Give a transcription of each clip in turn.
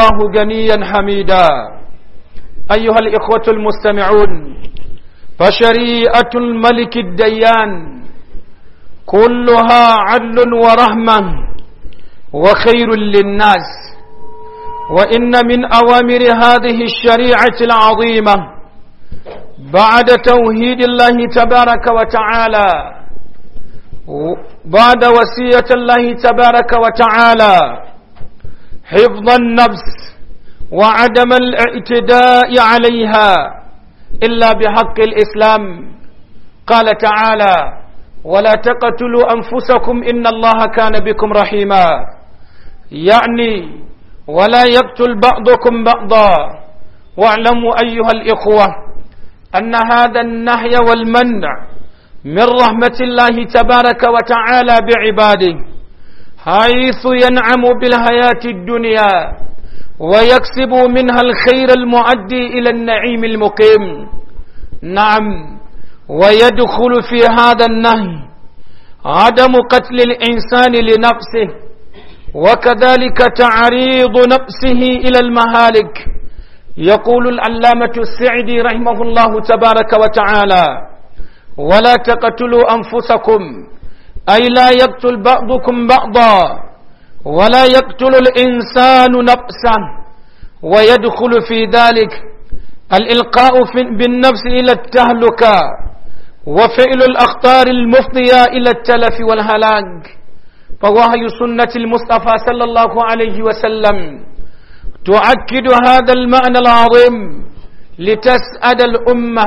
الله غنيا حميدا أيها الإخوة المستمعون فشريعة الملك الديان كلها عدل ورحمة وخير للناس وإن من أوامر هذه الشريعة العظيمة بعد توحيد الله تبارك وتعالى بعد وصية الله تبارك وتعالى حفظ النفس وعدم الاعتداء عليها إلا بحق الإسلام قال تعالى ولا تقتلوا أنفسكم إن الله كان بكم رحيما يعني ولا يقتل بعضكم بعضا واعلموا أيها الإخوة أن هذا النهي والمنع من رحمة الله تبارك وتعالى بعباده حيث ينعم بالحياة الدنيا ويكسب منها الخير المؤدي إلى النعيم المقيم نعم ويدخل في هذا النهي عدم قتل الإنسان لنفسه وكذلك تعريض نفسه إلى المهالك يقول العلامة السعدي رحمه الله تبارك وتعالى ولا تقتلوا أنفسكم أي لا يقتل بعضكم بعضا ولا يقتل الإنسان نفسا ويدخل في ذلك الإلقاء بالنفس إلى التهلكة وفعل الأخطار المفضية إلى التلف والهلاك فوهي سنة المصطفى صلى الله عليه وسلم تؤكد هذا المعنى العظيم لتسأل الأمة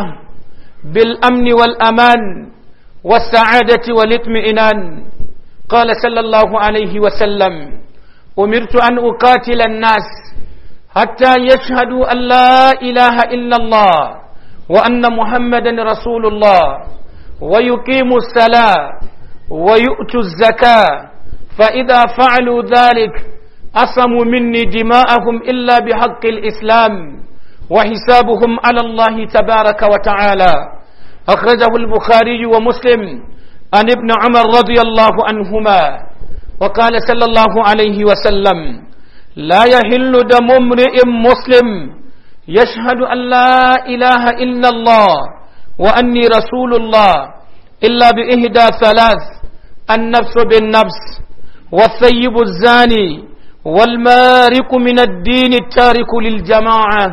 بالأمن والأمان والسعادة والاطمئنان قال صلى الله عليه وسلم أمرت أن أقاتل الناس حتى يشهدوا أن لا إله إلا الله وأن محمدا رسول الله ويقيموا الصلاة ويؤتوا الزكاة فإذا فعلوا ذلك أصموا مني دماءهم إلا بحق الإسلام وحسابهم على الله تبارك وتعالى أخرجه البخاري ومسلم عن ابن عمر رضي الله عنهما وقال صلى الله عليه وسلم لا يحل دم امرئ مسلم يشهد أن لا إله إلا الله وأني رسول الله إلا بإهدى ثلاث النفس بالنفس والثيب الزاني والمارق من الدين التارك للجماعة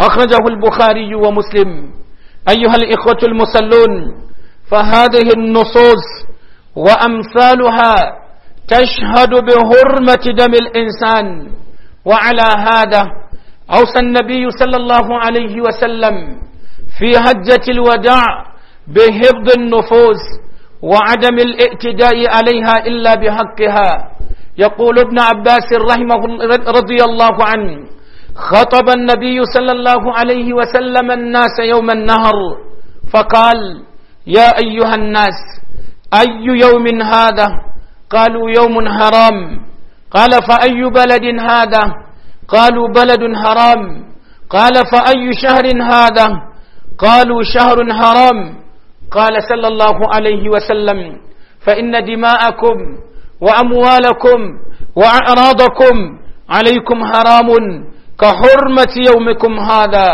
أخرجه البخاري ومسلم أيها الإخوة المسلون فهذه النصوص وأمثالها تشهد بهرمة دم الإنسان وعلى هذا أوصى النبي صلى الله عليه وسلم في هجة الوداع بهبض النفوس وعدم الاعتداء عليها إلا بحقها يقول ابن عباس رحمه رضي الله عنه خطب النبي صلى الله عليه وسلم الناس يوم النهر فقال يا أيها الناس أي يوم هذا قالوا يوم حرام قال فأي بلد هذا قالوا بلد حرام قال فأي شهر هذا قالوا شهر حرام قال صلى الله عليه وسلم فإن دماءكم وأموالكم وأعراضكم عليكم حرام كحرمة يومكم هذا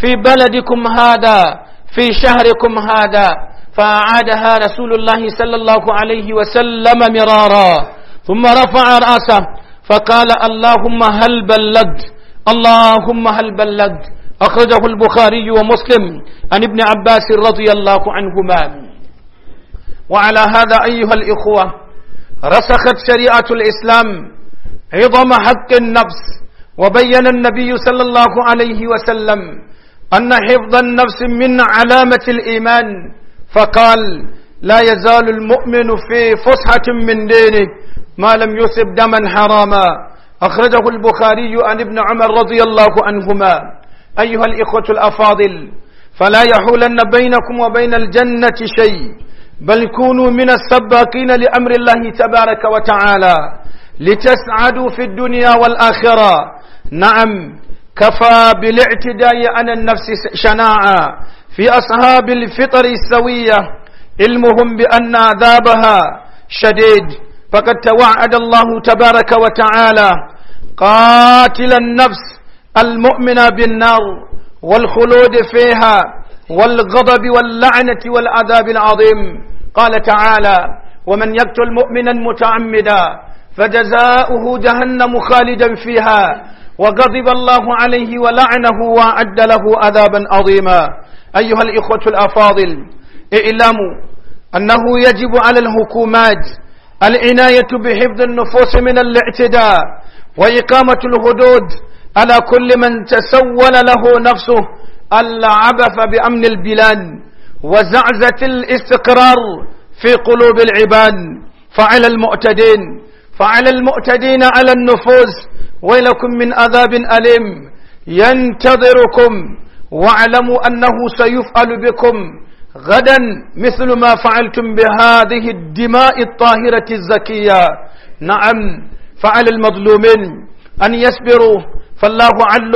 في بلدكم هذا في شهركم هذا فأعادها رسول الله صلى الله عليه وسلم مرارا ثم رفع رأسه فقال اللهم هل بلد اللهم هل بلد أخرجه البخاري ومسلم عن ابن عباس رضي الله عنهما وعلى هذا أيها الإخوة رسخت شريعة الإسلام عظم حق النفس وبين النبي صلى الله عليه وسلم أن حفظ النفس من علامة الإيمان فقال لا يزال المؤمن في فسحة من دينه ما لم يصب دما حراما أخرجه البخاري عن ابن عمر رضي الله عنهما أيها الإخوة الأفاضل فلا يحولن بينكم وبين الجنة شيء بل كونوا من السباقين لأمر الله تبارك وتعالى لتسعدوا في الدنيا والآخرة نعم كفى بالاعتداء على النفس شناعة في أصحاب الفطر السوية علمهم بأن عذابها شديد فقد توعد الله تبارك وتعالى قاتل النفس المؤمنة بالنار والخلود فيها والغضب واللعنة والعذاب العظيم قال تعالى ومن يقتل مؤمنا متعمدا فجزاؤه جهنم خالدا فيها وغضب الله عليه ولعنه وأعد له عذابا عظيما أيها الإخوة الأفاضل اعلموا أنه يجب على الحكومات العناية بحفظ النفوس من الاعتداء وإقامة الهدود على كل من تسول له نفسه العبث بأمن البلاد وزعزة الاستقرار في قلوب العباد فعلى المعتدين فعلى المؤتدين على النفوس ويلكم من عذاب أليم ينتظركم واعلموا أنه سيفعل بكم غدا مثل ما فعلتم بهذه الدماء الطاهرة الزكية نعم فعل المظلومين أن يصبروا فالله عل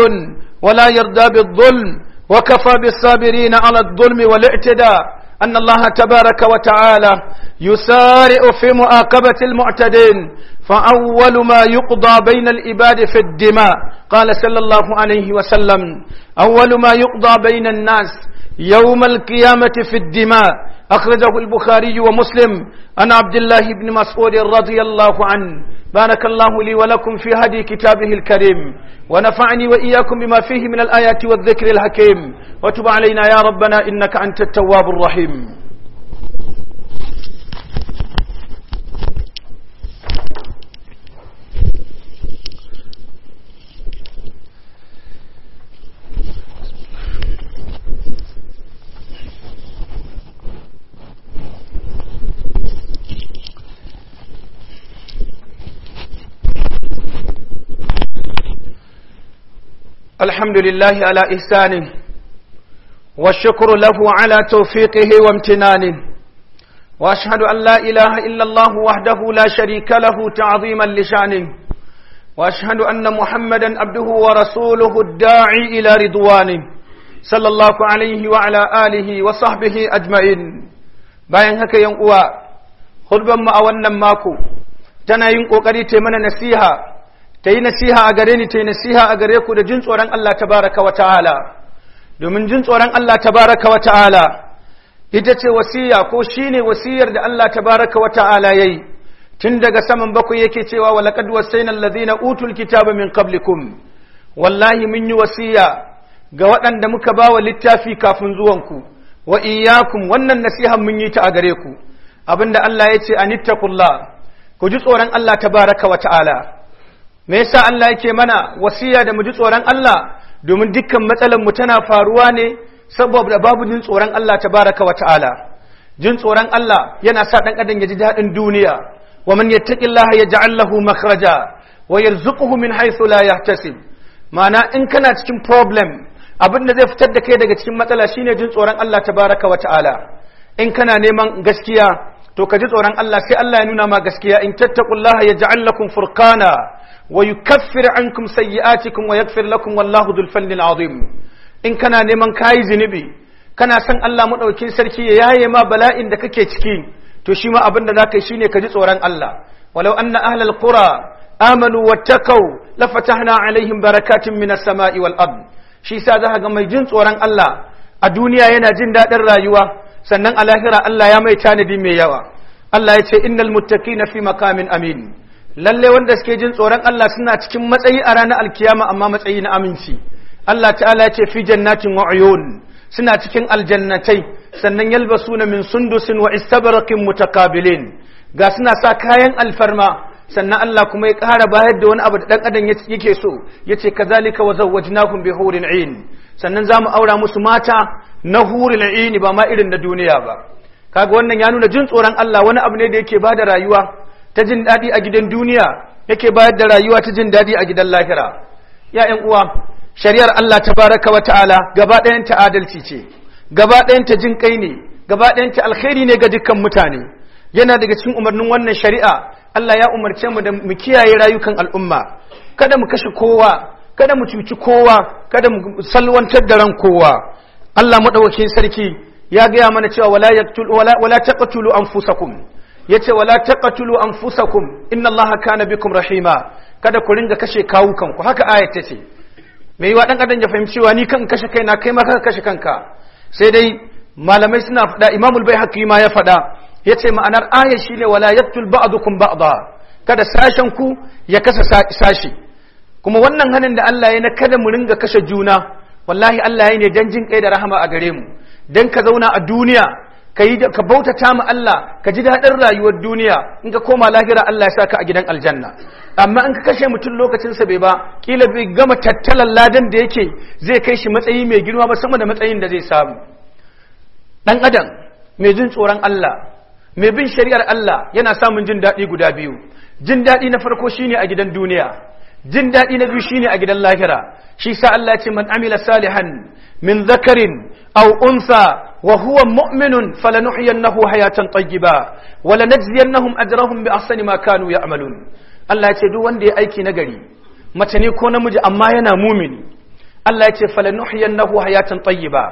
ولا يرضى بالظلم وكفى بالصابرين على الظلم والاعتداء أن الله تبارك وتعالى يسارع في مؤاقبة المعتدين فأول ما يقضى بين العباد في الدماء قال صلى الله عليه وسلم أول ما يقضى بين الناس يوم القيامة في الدماء أخرجه البخاري ومسلم عن عبد الله بن مسعود رضي الله عنه بارك الله لي ولكم في هدي كتابه الكريم ونفعني وإياكم بما فيه من الآيات والذكر الحكيم وتب علينا يا ربنا إنك أنت التواب الرحيم الحمد لله على إحسانه والشكر له على توفيقه وامتنانه وأشهد أن لا إله إلا الله وحده لا شريك له تعظيما لشانه وأشهد أن محمدا عبده ورسوله الداعي إلى رضوانه صلى الله عليه وعلى آله وصحبه أجمعين bayan haka yan uwa hudban mu a wannan mako tana yin kokari te mana nasiha ta yi nasiha a gare ni ta yi nasiha a gare ku da jin tsoron Allah Ta baraka wa ta'ala domin jin tsoron Allah Ta baraka wa ta'ala ita ce wasiya ko shi ne wasiyar da Allah Ta baraka wa ta'ala yayi tun daga saman bakwai yake cewa wa laqad wasayna alladhina utul kitaba min qablikum wallahi mun yi wasiya ga waɗanda muka bawa littafi kafin zuwanku wa iyyakum wannan nasihan mun yi ta a gare ku abinda Allah ya ce anittaqullah ku ji tsoron Allah Ta baraka wa ta'ala me yasa Allah yake mana wasiya da mu ji tsoron Allah domin dukkan matsalar mu tana faruwa ne saboda babu jin tsoron Allah tabaraka wa ta'ala jin tsoron Allah yana sa dan adam ya ji dadin duniya wa man yattaqillaha yaj'al lahu makhraja wa yarzuquhu min haythu la yahtasib ma'ana in kana cikin problem abin da zai fitar da kai daga cikin matsala shine jin tsoron Allah tabaraka wa ta'ala in kana neman gaskiya to ka ji tsoron Allah sai Allah ya nuna ma gaskiya in tattaqullaha yaj'al lakum furqana ويكفر عنكم سيئاتكم ويغفر لكم والله ذو الفضل العظيم in kana neman kayi zunubi kana san Allah mu ɗaukin sarki ya yaye ma bala'in da kake ciki to shima abin da zaka ka yi shine kaji tsoron Allah walau anna ahlal kura amanu wattaqau lafatahna alaihim barakatin minas sama'i wal ard shi sa za ga mai jin tsoron Allah a duniya yana jin daɗin rayuwa sannan a lahira Allah ya mai tanadi mai yawa Allah ya ce innal muttaqina fi makamin amin lalle wanda suke jin tsoron Allah suna cikin matsayi a ranar alkiyama amma matsayi na aminci Allah ta'ala ya ce fi jannatin wa suna cikin aljannatai sannan yalbasuna min sundusin wa istabraqin mutakabilin ga suna sa kayan alfarma sannan Allah kuma ya ƙara bayar da wani abu da ɗan adam yake so ya yace kazalika wa zawwajnakum bi hurin ayn sannan zamu aura musu mata na hurin ayn ba ma irin na duniya ba kaga wannan ya nuna jin tsoron Allah wani abu ne da yake bada rayuwa ta jin daɗi a gidan duniya yake bayar da rayuwa ta jin daɗi a gidan lahira Ya'yan uwa shari'ar Allah tabaraka wa ta'ala gaba ɗayan ta adalci ce gaba ɗayan ta jin kai ne gaba ɗayan ta alkhairi ne ga dukkan mutane yana daga cikin umarnin wannan shari'a Allah ya umarce mu da mu kiyaye rayukan al'umma kada mu kashe kowa kada mu cuci kowa kada mu salwantar da ran kowa Allah madaukakin sarki ya gaya mana cewa wala yaqtul wala wala taqtulu anfusakum yace wala taqtulu anfusakum inna allaha kana bikum rahima kada ku ringa kashe kawukan ku haka ayat ce. me yiwa dan adam ya fahimci wa ni kan kashe kaina kai ma kaka kashe kanka sai dai malamai suna faɗa imamul baihaqi ma ya faɗa yace ma'anar ayat shine wala yaqtul ba'dukum ba'da kada sashen ku ya kasa sashi kuma wannan hanin da Allah ya na kada mu ringa kashe juna wallahi Allah ya ne dan jin kai da rahama a gare mu dan ka zauna a duniya ka bautata ma Allah ka ji daɗin rayuwar duniya in ka koma lahira Allah ya sa ka a gidan aljanna amma in ka kashe mutum lokacin sa bai ba kila bai gama tattalan ladan da yake zai kai shi matsayi mai girma ba sama da matsayin da zai samu dan adam mai jin tsoron Allah mai bin shari'ar Allah yana samun jin daɗi guda biyu jin daɗi na farko shine a gidan duniya jin daɗi na biyu shine a gidan lahira shi sa Allah ya ce man amila salihan min zakarin aw unsa وهو مؤمن فلنحيينه حياة طيبة ولنجزينهم أجرهم بأحسن ما كانوا يعملون Allah ya ce duk wanda ya aiki nagari mace ne ko namiji amma yana mumini Allah ya ce nahu hayatan tayyiba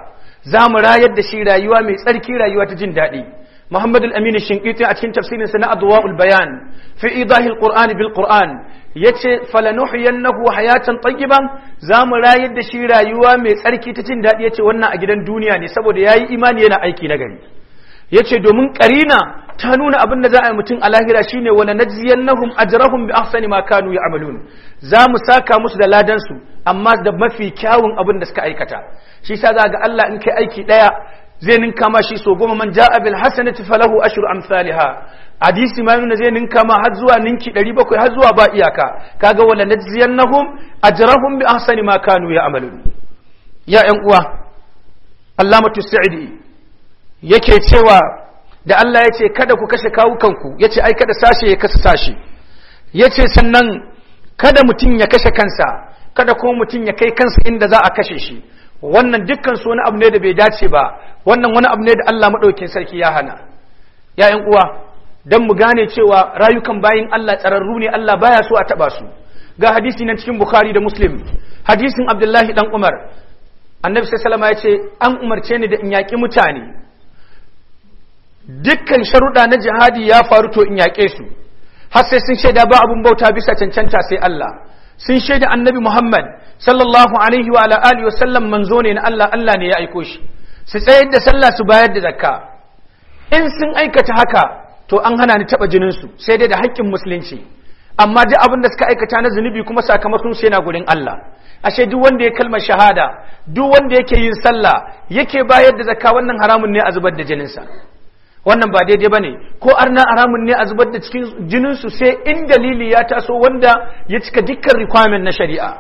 za mu rayar da shi rayuwa mai tsarki rayuwa ta jin daɗi Muhammad Aminu amin Shinkiti a cikin tafsirin na Adwa'ul Bayan fi idahi quran bil Qur'an yace falanuhyiyannahu hayatan tayyiban zamu rayar da shi rayuwa mai tsarki ta jin dadi yace wannan a gidan duniya ne saboda yayi imani yana aiki na gari yace domin karina ta nuna abin da za a yi mutum a lahira shine wala najziyannahum ajrahum bi ahsani ma ya ya'malun za mu saka musu da ladansu su amma da mafi kyawun abin da suka aikata shi sa za ga Allah in kai aiki ɗaya. zai ninka ma shi so goma man ja'a bil hasanati falahu ashru amsalha hadisi ma nuna zai ninka ma har zuwa ninki 700 har zuwa ba iyaka kaga wala najziyannahum ajrahum bi ahsani ma kanu ya'malun ya ƴan uwa allama tusaidi yake cewa da Allah yace kada ku kashe kawukanku yace ai kada sashe ya kasa sashe yace sannan kada mutum ya kashe kansa kada kuma mutum ya kai kansa inda za a kashe shi wannan dukkan su wani abu ne da bai dace ba wannan wani abu ne da Allah maɗaukin sarki ya hana ya'yan uwa don mu gane cewa rayukan bayan Allah tsararru ne Allah baya so a taɓa su ga hadisi nan cikin Bukhari da Muslim hadisin Abdullahi dan Umar annabi salama ya ce an umarce ni da in yaƙi mutane dukkan sharuɗa na jihadi ya faru to in yaƙe su har sai sun shaida ba abun bauta bisa cancanta sai Allah sun shaida annabi Muhammad sallallahu alaihi wa alihi wa sallam manzo ne na Allah Allah ne ya aiko shi su tsayar da sallah su bayar da zakka in sun aikata haka to an hana ni taɓa jininsu sai dai da haƙƙin musulunci amma duk abin da suka aikata na zunubi kuma sakamakon su yana gurin Allah ashe duk wanda ya kalma shahada duk wanda yake yin sallah yake bayar da zakka wannan haramun ne a zubar da jininsa wannan ba daidai bane ko arna haramun ne a zubar da cikin jininsu sai in dalili ya taso wanda ya cika dukkan requirement na shari'a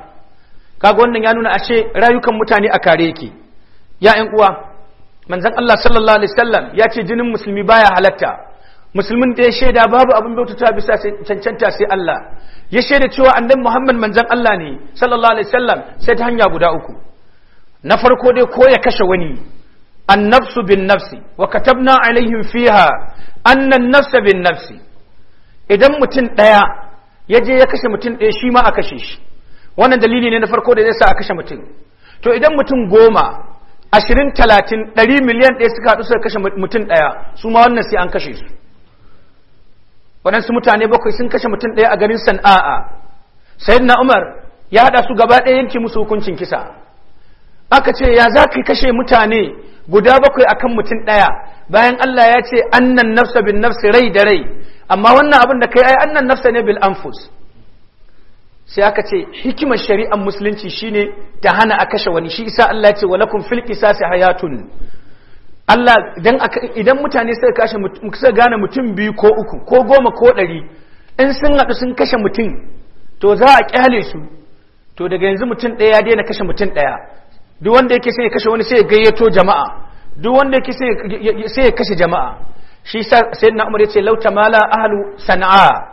kaga wannan ya nuna ashe rayukan mutane a kare yake ya uwa manzon Allah sallallahu alaihi wasallam ya ce jinin musulmi baya halatta musulmin da ya shaida babu abin bautata bisa cancanta sai Allah ya shaida cewa annabi Muhammad manzon Allah ne sallallahu alaihi wasallam sai ta hanya guda uku na farko dai ko ya kashe wani annafsu bin nafsi wa katabna alaihim fiha annan nafsa bin nafsi idan mutum ɗaya ya je ya kashe mutum ɗaya shi ma a kashe shi wannan dalili ne na farko da zai sa a kashe mutum to idan mutum goma ashirin talatin ɗari miliyan ɗaya suka haɗu suka kashe mutum ɗaya su ma wannan sai an kashe su waɗansu mutane bakwai sun kashe mutum ɗaya a garin sana'a na umar ya haɗa su gaba ɗaya yanke musu hukuncin kisa aka ce ya za ka kashe mutane guda bakwai akan mutum ɗaya bayan allah ya ce annan nafsa bin nafsi rai da rai amma wannan abin da kai ai annan nafsa ne bil anfus sai aka ce hikimar shari'ar musulunci shine ta hana a kashe wani shi isa Allah ce walakum fil qisasi hayatun Allah idan mutane suka kashe suka gane mutum biyu ko uku ko goma ko ɗari in sun haɗu sun kashe mutum to za a kyale su to daga yanzu mutum ɗaya ya daina kashe mutum ɗaya duk wanda yake sai ya kashe wani sai ya gayyato jama'a duk wanda yake sai ya kashe jama'a shi sayyidina Umar yace mala mala ahlu sana'a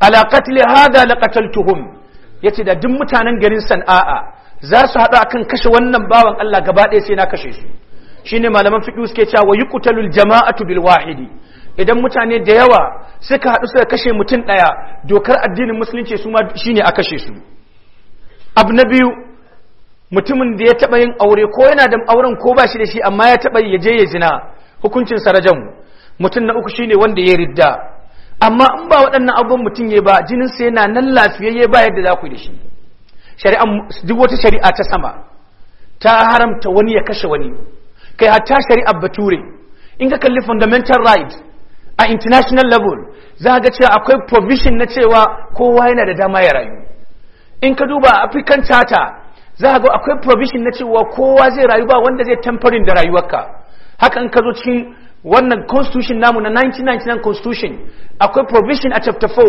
ala qatl hadha tuhum. ya ce da duk mutanen garin san'a'a za su haɗu akan kashe wannan bawan Allah gaba ɗaya sai na kashe su shine malaman fiɗu suke cewa wa yuqtalul jama'atu bil wahidi idan mutane da yawa suka haɗu suka kashe mutum ɗaya dokar addinin musulunci su ma shine a kashe su abu na biyu mutumin da ya taɓa yin aure ko yana da auren ko ba shi da shi amma ya taɓa ya je ya zina hukuncin sarajan mutum na uku shi ne wanda ya ridda amma in ba waɗannan abubuwan mutum ya ba jinin sa yana nan lafiyayye ba yadda za ku yi da shi shari'a duk wata shari'a ta sama ta haramta wani ya kashe wani kai hatta shari'a bature in ka kalli fundamental right a international level za ga cewa akwai provision na cewa kowa yana da dama ya rayu in ka duba african charter za ga akwai provision na cewa kowa zai rayu ba wanda zai tamfarin da rayuwarka haka in ka zo cikin wannan constitution namu na 1999 constitution akwai provision a chapter 4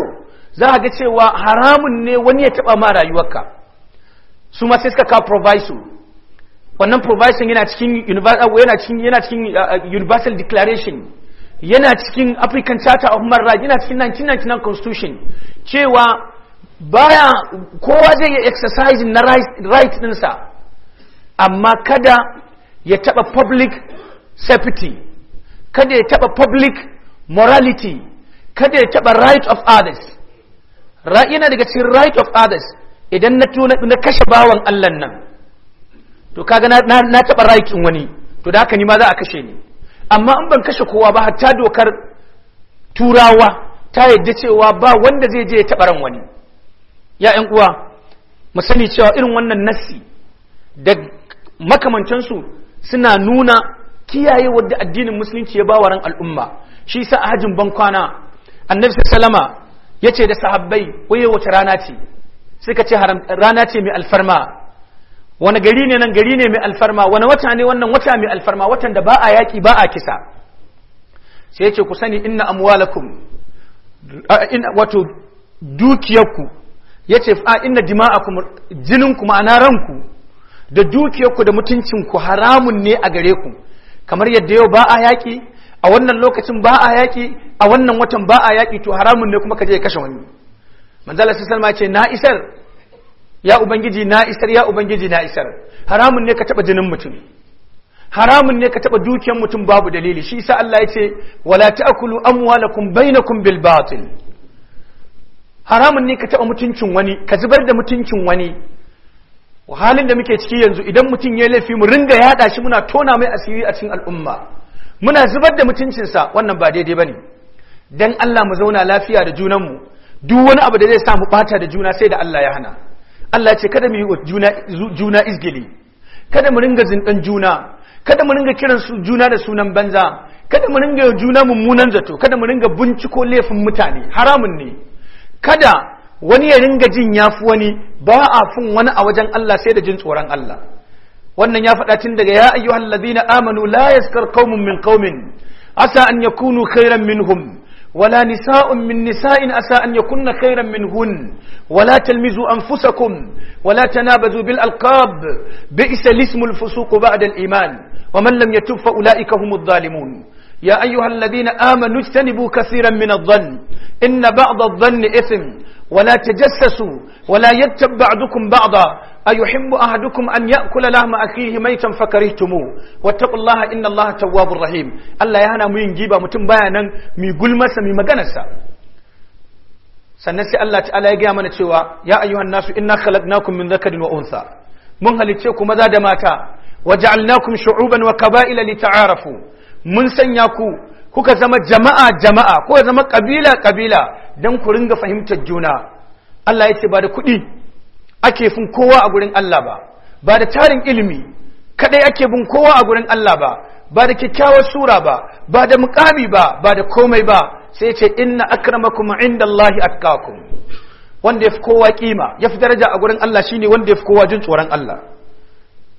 za a ga cewa haramun ne wani ya taba ma rayuwarka su ma sai suka kawo proviso wannan proviso yana cikin uh, yana cikin yana cikin uh, uh, universal declaration yana cikin african charter of human rights yana cikin 1999 constitution cewa baya kowa zai yi exercise na right ɗinsa amma kada ya taba public safety kada ya taɓa public morality kada ya taɓa right of others yana daga cikin right of others idan na tuna na kashe bawan Allah nan to kaga na na taɓa rightin wani to da haka ni ma za a kashe ni amma in ban kashe kowa ba hatta dokar turawa ta yadda cewa ba wanda zai je ya taɓa ran wani ya ƴan uwa mu sani cewa irin wannan nassi da makamantansu suna nuna kiyaye wadda addinin musulunci ya ba wa ran al'umma shi sa a hajin bankwana annabi sallama ya ce da sahabbai waye wata rana ce suka ce rana ce mai alfarma wani gari ne nan gari ne mai alfarma wani wata ne wannan wata mai alfarma watan da ba a yaƙi ba a kisa sai ya ce ku sani inna amwalakum wato dukiyarku ya ce a inna dima'akum jininku ma'ana ranku da dukiyarku da mutuncinku haramun ne a gare ku kamar yadda yau ba a yaƙi a wannan lokacin ba a yaƙi a wannan watan ba a yaƙi to haramun ne kuma ka je kashe wani manzala sassan ma ce na isar ya ubangiji na isar ya ubangiji na isar haramun ne ka taɓa jinin mutum haramun ne ka taɓa dukiyar mutum babu dalili shi sa Allah ya ce wala ta'kulu amwalakum bainakum bil batil haramun ne ka taɓa mutuncin wani ka zubar da mutuncin wani halin da muke ciki yanzu idan mutum ya laifi mu ringa yaɗa shi muna tona mai asiri a cikin al'umma muna zubar da mutuncinsa wannan ba daidai ba ne don Allah mu zauna lafiya da junanmu duk wani abu da zai sa mu ɓata da juna sai da Allah ya hana Allah ce kada mu yi juna izgili kada mu ringa zinɗan juna kada mu ringa kiran juna da sunan banza kada mu ringa juna mummunan zato kada mu ringa binciko laifin mutane haramun ne kada wani ya ringa jin ya fi wani ba a fin wani a wajen Allah sai da jin tsoron Allah wannan ya faɗa tun daga ya ayyuhal ladina amanu la yaskar qaumun min qaumin asa an yakunu khairan minhum ولا نساء من نساء أسى أن يكن خيرا منهن ولا تلمزوا أنفسكم ولا تنابزوا بالألقاب بئس الاسم الفسوق بعد الإيمان ومن لم يتب فأولئك هم الظالمون يا أيها الذين آمنوا اجتنبوا كثيرا من الظن إن بعض الظن إثم ولا تجسسوا ولا يتب بعضكم بعضا أيحب أحدكم أن يأكل لحم أخيه ميتا فكرهتموه واتقوا الله إن الله تواب رحيم الله يهنا من جيبا متن بيانا مي قلمسا مي مغنسا sannan sai Allah ta'ala ya gaya mana cewa ya ayyuhan nasu inna khalaqnakum min dhakarin wa untha mun halicce ku maza da mata waja'alnakum shu'uban wa qaba'ila lita'arafu mun sanya ku kuka zama jama'a jama'a kuka zama kabila kabila don ku ringa fahimtar juna Allah ya ce ba da kuɗi ake fin kowa a gurin Allah ba ba da tarin ilimi kadai ake bin kowa a gurin Allah ba ba da kyakkyawar sura ba ba da mukami ba ba da komai ba sai ce inna akramakum indallahi atqakum wanda yafi kowa kima yafi daraja a gurin Allah shine wanda yafi kowa jin tsoron Allah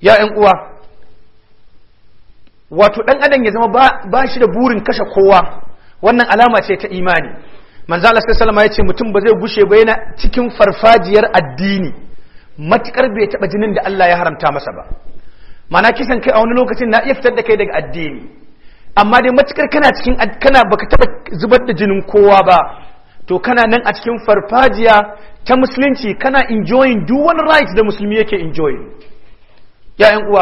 ya ƴan uwa wato dan adam ya zama ba shi da burin kashe kowa wannan alama ce ta imani manzo Allah sallallahu alaihi ya ce mutum ba zai gushe ba yana cikin farfajiyar addini matukar bai taba jinin da Allah ya haramta masa ba mana kisan kai a wani lokacin na iya fitar da kai daga addini amma dai matukar kana cikin kana baka taba zubar da jinin kowa ba to kana nan a cikin farfajiya ta musulunci kana enjoying duk wani right da musulmi yake enjoying Ya'yan uwa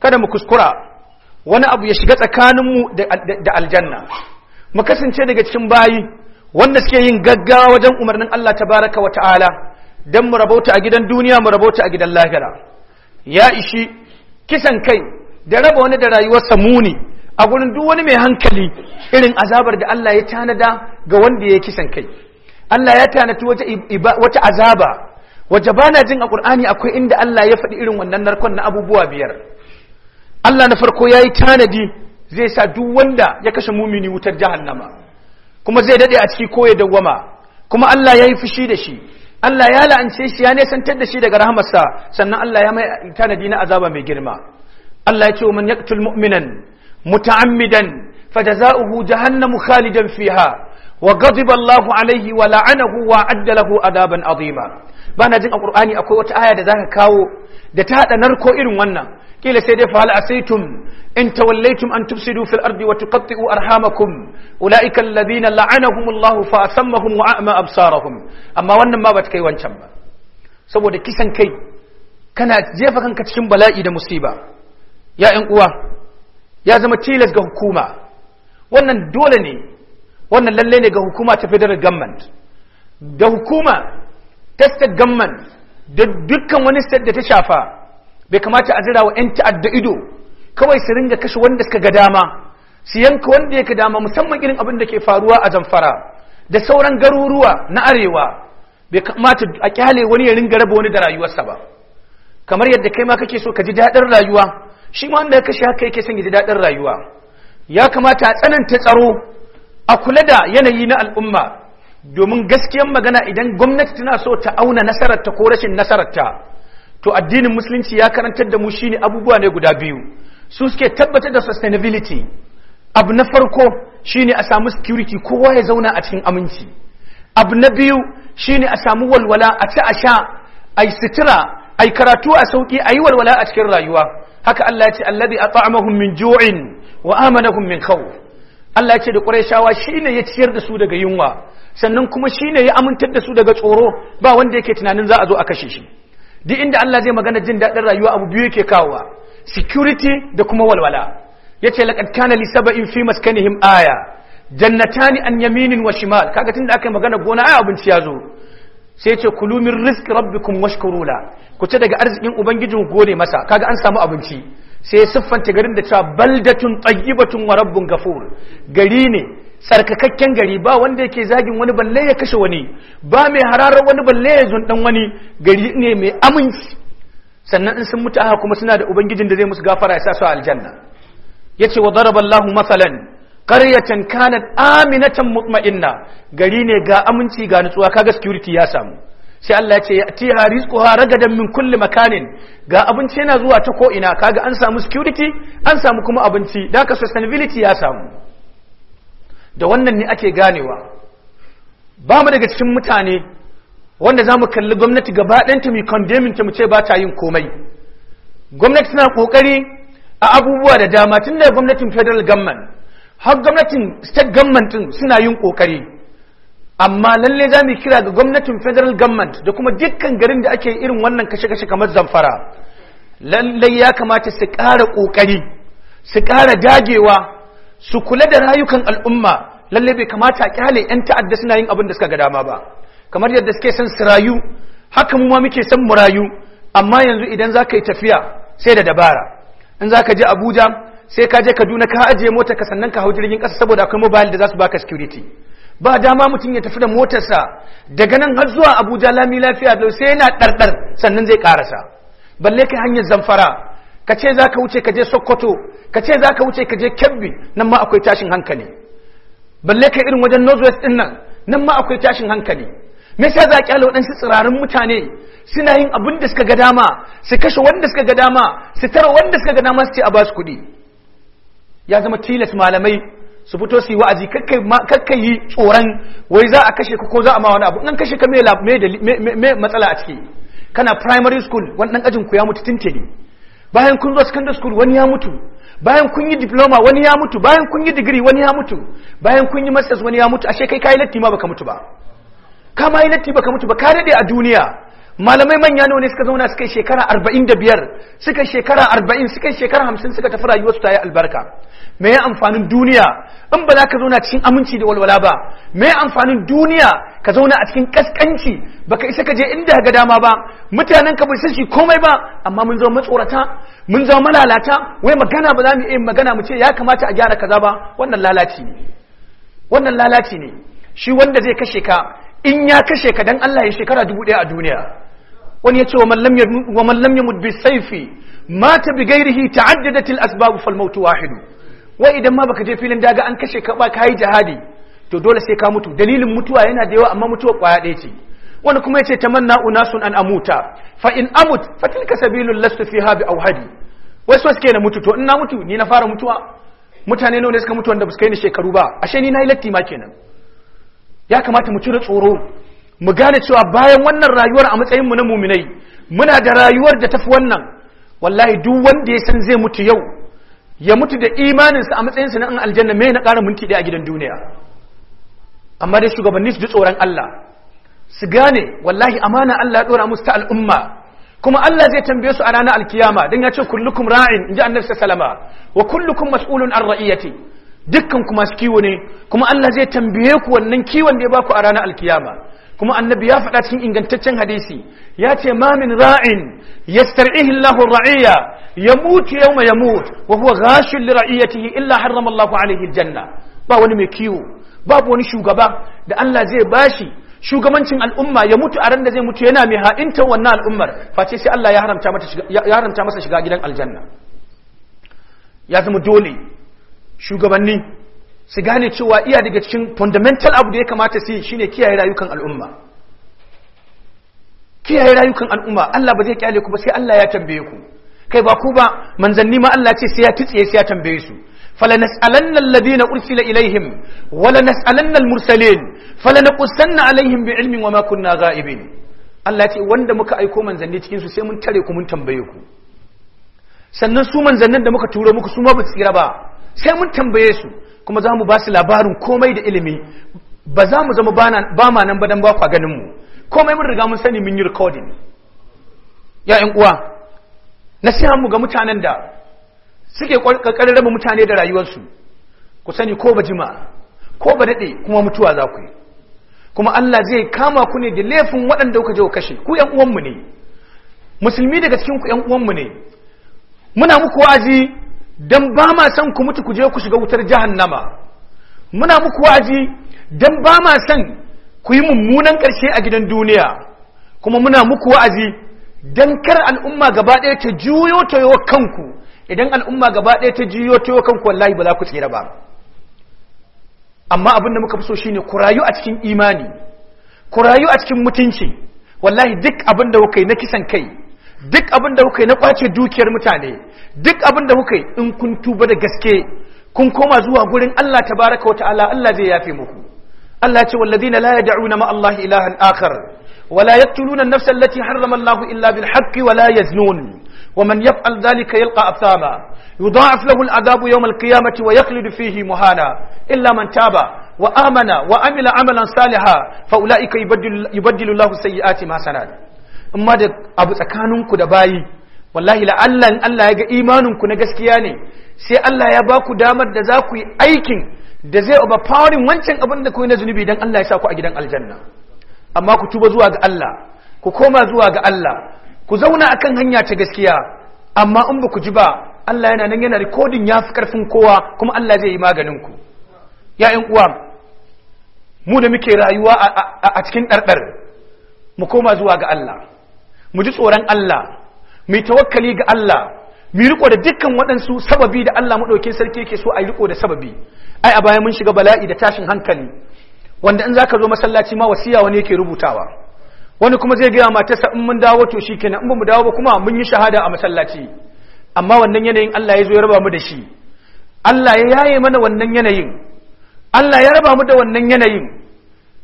kada mu kuskura wani abu ya shiga tsakaninmu da aljanna mu kasance daga cikin bayi wanda suke yin gaggawa wajen umarnin Allah tabaraka wa ta'ala don mu rabauta a gidan duniya mu rabauta a gidan lahira ya ishi kisan kai da raba wani da rayuwarsa muni a gurin duk wani mai hankali irin azabar da Allah ya tanada ga wanda ya kisan kai Allah ya tanatu wata azaba wace bana jin a Qur'ani akwai inda Allah ya faɗi irin wannan narkon na abubuwa biyar Allah na farko ya yi tanadi zai sa duk wanda ya kashe mumini wutar jahannama kuma zai dade a ciki ko ya dawwama kuma Allah yayi fushi da shi Allah ya la'ance shi ya nesantar da shi daga rahamarsa sannan Allah ya mai tanadi na azaba mai girma Allah ya ce man yaqtul mu'minan muta'ammidan fajaza'uhu jahannamu khalidan fiha wa ghadiba Allahu alayhi wa la'anahu wa adda lahu adaban azima ba na jin a ƙur'ani akwai wata aya da za ka kawo da ta haɗa narko irin wannan kila sai dai fahal asaitum in tawallaitum an tufsidu fil ardi wa tuqatti'u arhamakum ulaika alladhina la'anahumullahu fa asammahum wa a'ma absarahum amma wannan ma ta kai wancan ba saboda kisan kai kana jefa kanka cikin bala'i da musiba ya ƴan uwa ya zama tilas ga hukuma wannan dole ne wannan lalle ne ga hukuma ta federal government da hukuma ta gamman da dukkan wani state da ta shafa bai kamata a zira wa 'yan ta'adda ido kawai su ringa kashe wanda suka ga dama su yanka wanda ya dama musamman irin abin da ke faruwa a zamfara da sauran garuruwa na arewa bai kamata a kyale wani ya ringa raba wani da rayuwarsa ba kamar yadda kai ma kake so ka ji daɗin rayuwa shi ma wanda ya kashe haka yake son ya ji daɗin rayuwa ya kamata a tsananta tsaro a kula da yanayi na al'umma domin gaskiyar magana idan gwamnati tana so ta auna nasararta ko rashin nasararta to addinin musulunci ya karantar da mu shine abubuwa ne guda biyu su suke tabbatar da sustainability abu na farko shine a samu security kowa ya zauna a cikin aminci abu na biyu shine a samu walwala a ci a sha ai sitira ai karatu a sauki yi walwala a cikin rayuwa haka Allah ya ce allazi at'amahum min ju'in wa amanahum min khawf Allah ya ce da Qurayshawa shine ya ciyar da su daga yunwa sannan kuma shine ya amintar da su daga tsoro ba wanda yake tunanin za a zo a kashe shi duk inda Allah zai magana jin daɗin rayuwa abu biyu yake kawowa security da kuma walwala yace laqad kana li sab'in fi maskanihim aya jannatani an yaminin wa shimal kaga tunda aka magana gona ai abinci ya zo sai yace kulumin min rizqi rabbikum washkuru la ku ce daga arzikin ubangijin gode masa kaga an samu abinci sai siffanta garin da cewa baldatun tsayyibatun wa rabbun gafur, gari ne tsarkakakken gari ba wanda yake zagin wani balle ya kashe wani ba mai hararar wani balle ya dan wani gari ne mai aminci sannan in sun mutu aka kuma suna da ubangijin da zai musu gafara ya sa su aljanna yace wa daraba Allahu masalan qaryatan kanat aminatan mutma'inna gari ne ga aminci ga nutsuwa kaga security ya samu sai Allah ce ya ti rizquha ragadan min kulli makanin ga abinci yana zuwa ta ko ina kaga an samu security an samu kuma abinci da ka sustainability ya samu da wannan ne ake ganewa ba mu daga cikin mutane wanda za mu kalli gwamnati gaba ɗanta mai condemn ta mu ce ba ta yin komai gwamnati tana kokari a abubuwa da dama tun da gwamnatin federal government har gwamnatin state government suna yin kokari amma lalle za mu kira ga gwamnatin federal government da kuma dukkan garin da ake irin wannan kashe-kashe kamar zamfara lalle ya kamata su ƙara ƙoƙari su ƙara dagewa su kula da rayukan al'umma lalle bai kamata a ƙyale 'yan ta'adda suna yin abin da suka ga dama ba kamar yadda suke son su rayu haka mu ma muke son mu rayu amma yanzu idan za ka yi tafiya sai da dabara in za ka je abuja sai ka je kaduna ka ajiye mota ka sannan ka hau jirgin ƙasa saboda akwai mobile da za su baka security ba dama mutum ya tafi da motarsa daga nan har zuwa abuja lami lafiya da sai yana ɗarɗar sannan zai ƙarasa balle kai hanyar zamfara ka ce za ka wuce ka je sokoto ka ce za ka wuce ka je kebbi nan ma akwai tashin hankali balle kai irin wajen northwest ɗin nan nan ma akwai tashin hankali me yasa za a kyale waɗansu tsirarin mutane suna yin abin da suka ga dama su kashe wanda suka ga dama su tara wanda suka ga dama su ce a ba su kuɗi ya zama tilas malamai su fito su yi wa'azi kakka yi tsoron wai za a kashe ku ko za a ma wani abu nan kashe ka me matsala a ciki kana primary school wani dan ajin ku ya mutu tintini bayan kun zo secondary school wani ya mutu bayan kun yi diploma wani ya mutu bayan kun yi digiri wani ya mutu bayan kun yi masters wani ya mutu ashe kai yi latti ma baka mutu ba ka ma yi latti baka mutu ba ka dade a duniya malamai manya ne suka zauna suka shekara arba'in da biyar suka shekara arba'in suka shekara hamsin suka tafi rayuwarsu ta yi albarka me ya amfanin duniya in ba za ka zauna cikin aminci da walwala ba me ya amfanin duniya ka zauna a cikin kaskanci ba ka isa ka je inda ga dama ba mutanen ka bai san shi komai ba amma mun zama matsorata mun zama malalata wai magana ba za mu iya magana mu ce ya kamata a gyara kaza ba wannan lalaci ne wannan lalaci ne shi wanda zai kashe ka in ya kashe ka dan Allah ya shekara dubu ɗaya a duniya wani ya ce wa mallam ya mudbi saifi mata bi gairihi ta'addadat al-asbab fal mautu wahidu wai idan ma baka je filin daga an kashe ka ba kai jihadi to dole sai ka mutu dalilin mutuwa yana da yawa amma mutuwa kwaya ɗaya ce wani kuma ya ce ta manna unasun an amuta fa in amut fa tilka sabilul lastu fiha bi auhadi. wai so suke na mutu to in na mutu ni na fara mutuwa mutane nawa ne suka mutu wanda ba su kai ni shekaru ba ashe ni na yi latti ma kenan ya kamata mu cire tsoro mu gane cewa bayan wannan rayuwar a matsayin mu na muminai muna da rayuwar da tafi wannan wallahi duk wanda ya san zai mutu yau ya mutu da imaninsa a matsayinsa na aljanna me na ƙara minti ɗaya a gidan duniya amma dai shugabanni su ji tsoron Allah su gane wallahi amana Allah ya ɗora musu ta al'umma kuma Allah zai tambaye su a ranar alkiyama don ya ce kullukum ra'in in ji annabi salama wa kullukum mas'ulun an ra'iyati dukkan kuma su kiwo ne kuma Allah zai tambaye ku wannan kiwon da ya baku a ranar alkiyama kuma annabi ya faɗa cikin ingantaccen hadisi ya ce ma min ra'in yastar'ihi Allahu ra'iya ya yawma yamut wa huwa ghashun li ra'iyatihi illa harrama Allahu alayhi janna. ba wani mai kiwo babu wani shugaba da Allah zai bashi shugabancin al'umma ya mutu a ran da zai mutu yana mai ha'intar wannan al'ummar face sai Allah ya haramta mata ya haramta masa shiga gidan aljanna ya zama dole shugabanni su gane cewa iya daga cikin fundamental abu da ya kamata su yi shine kiyaye rayukan al'umma kiyaye rayukan al'umma Allah ba zai kyale ku ba sai Allah ya tambaye ku kai ba ku ba manzanni ma Allah ce sai ya titsiye sai ya tambaye su فلنسألن الذين أرسل إليهم ولنسألن المرسلين فلنقصن عليهم بعلم وما كنا غائبين Allah ce wanda muka aiko manzanni cikin su sai mun tare ku mun tambaye ku sannan su manzannin da muka turo muku su ma ba tsira ba sai mun tambaye su kuma za mu ba su labarin komai da ilimi ba za mu zama ba ma nan badan bakwa ganinmu komai mun riga mun sani mun yi rikodin. Ya'yan uwa uwa nasiha mu ga mutanen da suke ƙarƙarin raba mutane da rayuwarsu ku sani ko ba jima ko ba daɗe kuma mutuwa za ku yi kuma Allah zai kama ku ne da laifin waɗanda kuka je ku kashe ku ƴan uwanmu ne musulmi daga cikin ku ƴan uwanmu ne muna muku wa'azi don ba ma san ku mutu ku je ku shiga wutar jahannama muna muku wa'azi don ba ma san ku yi mummunan karshe a gidan duniya kuma muna muku wa'azi don kar al'umma gaba ɗaya ta juyo ta yi kanku idan al'umma gaba ɗaya ta juyo ta yi kanku wallahi ba za ku tsira ba amma abin da muka fi so shine ku rayu a cikin imani ku rayu a cikin mutunci wallahi duk abin da kuka yi na kisan kai duk abin da kuka yi na kwace dukiyar mutane duk abin da kuka yi in kun tuba da gaske kun koma zuwa gurin Allah tabaraka wa ta'ala Allah zai yafe muku Allah ya ce wallazina la yad'una ma Allah ilahan akhar yaqtuluna ولا يقتلون النفس التي حرم الله إلا بالحق ولا يزنون ومن يفعل ذلك يلقى أثاما يضاعف له العذاب يوم القيامة ويخلد فيه مهانا إلا من تاب وآمن وعمل عملا صالحا فأولئك يبدل, يبدل الله سيئات ما سنات in ma da abu tsakaninku da bayi wallahi la'alla in Allah ya ga imaninku na gaskiya ne sai Allah ya ba ku damar da za ku yi aikin da zai overpowering wancan abin da ku na zunubi don Allah ya sa ku a gidan aljanna amma ku tuba zuwa ga Allah ku koma zuwa ga Allah ku zauna akan hanya ta gaskiya amma in ba ku ji ba Allah yana nan yana rikodin ya fi karfin kowa kuma Allah zai yi maganin ku ya yan uwa mu da muke rayuwa a cikin ɗarɗar mu koma zuwa ga Allah mu ji tsoron Allah mu tawakkali ga Allah mu riko da dukkan waɗansu sababi da Allah maɗaukin sarki yake so a yi riko da sababi ai a baya mun shiga bala'i da tashin hankali wanda in zaka zo masallaci ma wasiya wani yake rubutawa wani kuma zai gaya matarsa in mun dawo to shikenan in ba mu dawo ba kuma mun yi shahada a masallaci amma wannan yanayin Allah ya zo ya raba mu da shi Allah ya yaye mana wannan yanayin Allah ya raba mu da wannan yanayin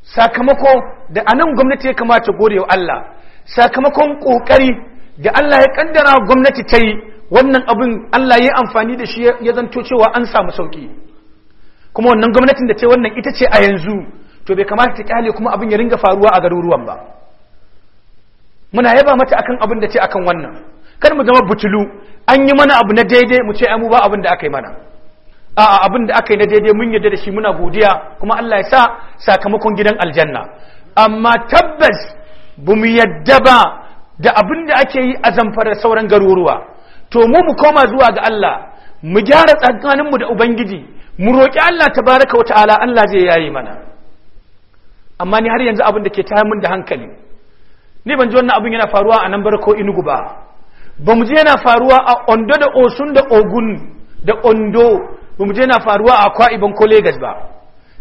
sakamako da anan gwamnati ya kamata gode wa Allah sakamakon kokari da Allah ya kaddara gwamnati ta yi wannan abin Allah ya amfani da shi ya zanto cewa an samu sauki kuma wannan gwamnatin da ce wannan ita ce a yanzu to bai kamata ta kyale kuma abin ya ringa faruwa a garuruwan ba muna yaba mata akan abin da ce akan wannan kar mu zama butulu an yi mana abu na daidai mu ce ai mu ba abin da aka yi mana a'a abin da aka yi na daidai mun yarda da shi muna godiya kuma Allah ya sa sakamakon gidan aljanna amma tabbas ba mu yadda ba da abin da ake yi a zamfara sauran garuruwa to mu mu koma zuwa ga Allah mu gyara tsakaninmu da ubangiji mu roƙi Allah baraka wa ta'ala Allah zai yayi mana amma ni har yanzu abin da ke tayar min da hankali ni ban ji wannan abin yana faruwa a nan ko inugu ba ba mu je yana faruwa a ondo da osun da ogun da ondo ba mu je yana faruwa a kwa ibon ko Legas ba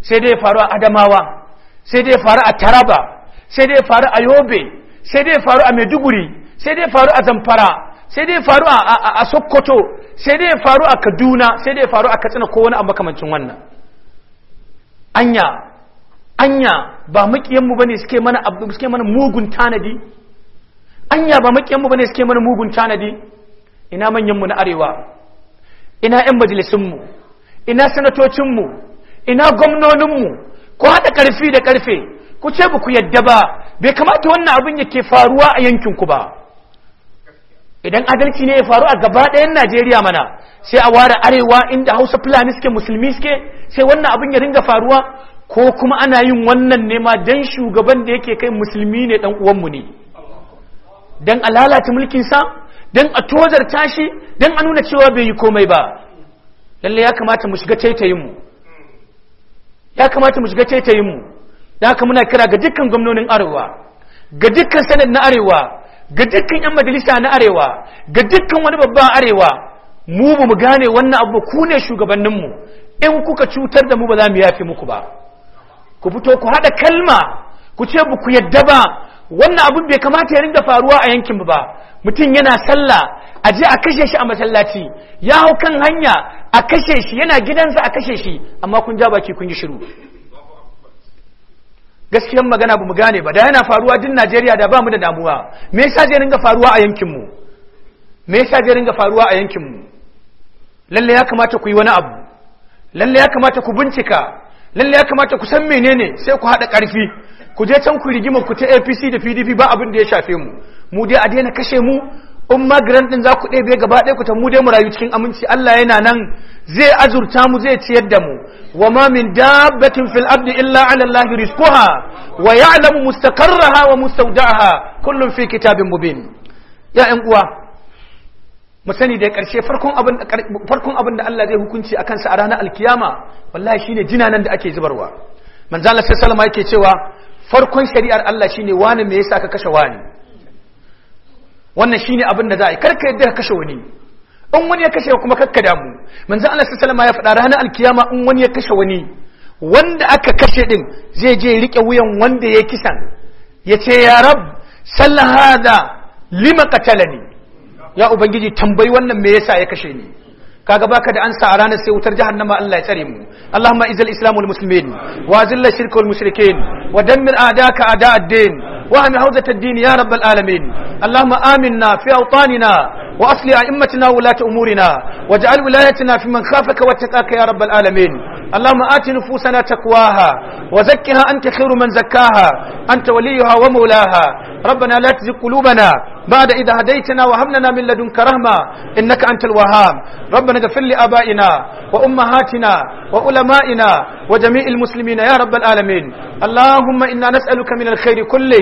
sai dai a adamawa sai dai faru a taraba sai dai faru a yobe sai dai faru a maiduguri sai dai faru a zamfara sai dai faru a sokoto sai dai faru a kaduna sai dai faru a katsina ko wani abu makamancin wannan anya anya ba makiyanmu bane suke mana suke mana mugun tanadi anya ba makiyanmu bane suke mana mugun tanadi ina manyanmu na arewa ina yan majalisunmu ina sanatocinmu ina gwamnoninmu ko haɗa ƙarfi da ƙarfe ku ce ba ku yadda ba bai kamata wannan abin yake faruwa a yankin ku ba idan adalci ne ya faru a gaba ɗayan najeriya mana sai a ware arewa inda hausa fulani suke musulmi suke sai wannan abin ya ringa faruwa ko kuma ana yin wannan nema don shugaban da yake kai musulmi ne dan uwanmu ne don a lalata sa don a tozar tashi don a nuna cewa bai yi komai ba lallai ya kamata mu shiga taitayinmu ya mu da haka muna kira ga dukkan gwamnonin arewa ga dukkan sanad na arewa ga dukkan yan majalisa na arewa ga dukkan wani babban arewa mu ba mu gane wannan abu ku ne shugabanninmu in kuka cutar da mu ba za mu yafi muku ba ku fito ku haɗa kalma ku ce ba ku yadda ba wannan abun bai kamata ya ringa faruwa a yankin ba mutum yana sallah a je a kashe shi a masallaci ya hau kan hanya a kashe shi yana gidansa a kashe shi amma kun ja baki kun yi shiru gaskiyar magana bu mu gane ba da yana faruwa din Najeriya da ba mu da damuwa me yasa je ringa faruwa a yankin mu me yasa je ringa faruwa a yankin mu lalle ya kamata ku yi wani abu lalle ya kamata ku bincika lalle ya kamata ku san menene sai ku hada karfi ku je can ku rigima ku ta APC da PDP ba abin da ya shafe mu mu dai a daina kashe mu in ma grant din za ku ɗebe gaba ɗaya ku tamu dai mu rayu cikin aminci Allah yana nan zai azurta mu zai ciyar da mu wa ma min dabbatin fil ardi illa ala Allah rizquha wa ya'lamu mustaqarraha wa mustawda'aha kullun fi kitabin mubin ya ƴan uwa mu sani da ƙarshe farkon abin farkon abin da Allah zai hukunci akan sa a ranar alkiyama wallahi shine jinanan da ake zubarwa manzo Allah sallallahu alaihi wasallam yake cewa farkon shari'ar Allah shine wani me yasa ka kashe wani wannan shine abin da za a yi karka yadda ka kashe wani in wani ya kashe kuma kakka damu manzo Allah sallallahu alaihi ya faɗa ranar alkiyama in wani ya kashe wani wanda aka kashe din zai je rike wuyan wanda ya kisan ya ce ya rab sallah hada lima qatalani ya ubangiji tambayi wannan me yasa ya kashe ni kaga baka da ansa a ranar sai wutar jahannama Allah ya tsare mu Allahumma izil islamul muslimin wa zilla shirkul mushrikin wa dammir a'daka a da din واهم عوزة الدين يا رب العالمين اللهم آمنا في أوطاننا وأصل أئمتنا ولاة أمورنا واجعل ولايتنا في من خافك واتقاك يا رب العالمين اللهم آت نفوسنا تقواها وزكها أنت خير من زكاها أنت وليها ومولاها ربنا لا تزغ قلوبنا بعد إذا هديتنا وهب لنا من لدنك رحمة إنك أنت الوهاب ربنا اغفر لآبائنا وأمهاتنا وعلمائنا وجميع المسلمين يا رب العالمين اللهم إنا نسألك من الخير كله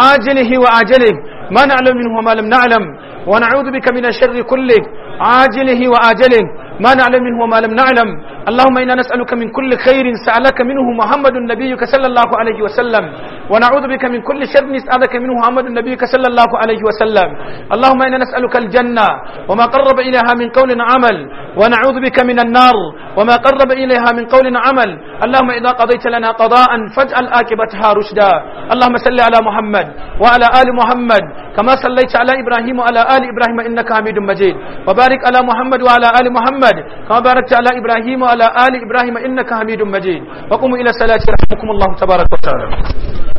عاجله وعاجله ما نعلم منه وما لم نعلم ونعوذ بك من الشر كله عاجله وعاجله ما نعلم منه وما لم نعلم اللهم إنا نسألك من كل خير سألك منه محمد نبيك صلى الله عليه وسلم ونعوذ بك من كل شر نسألك منه محمد نبيك صلى الله عليه وسلم اللهم إنا نسألك الجنة وما قرب إليها من قول عمل ونعوذ بك من النار وما قرب إليها من قول عمل اللهم إذا قضيت لنا قضاء فاجعل آكبتها رشدا اللهم صل على محمد وعلى آل محمد كما صليت على إبراهيم وعلى آل إبراهيم إنك حميد مجيد وبارك على محمد وعلى آل محمد كما باركت على إبراهيم وعلى آل إبراهيم إنك حميد مجيد وقوموا إلى صلاة رحمكم الله تبارك وتعالى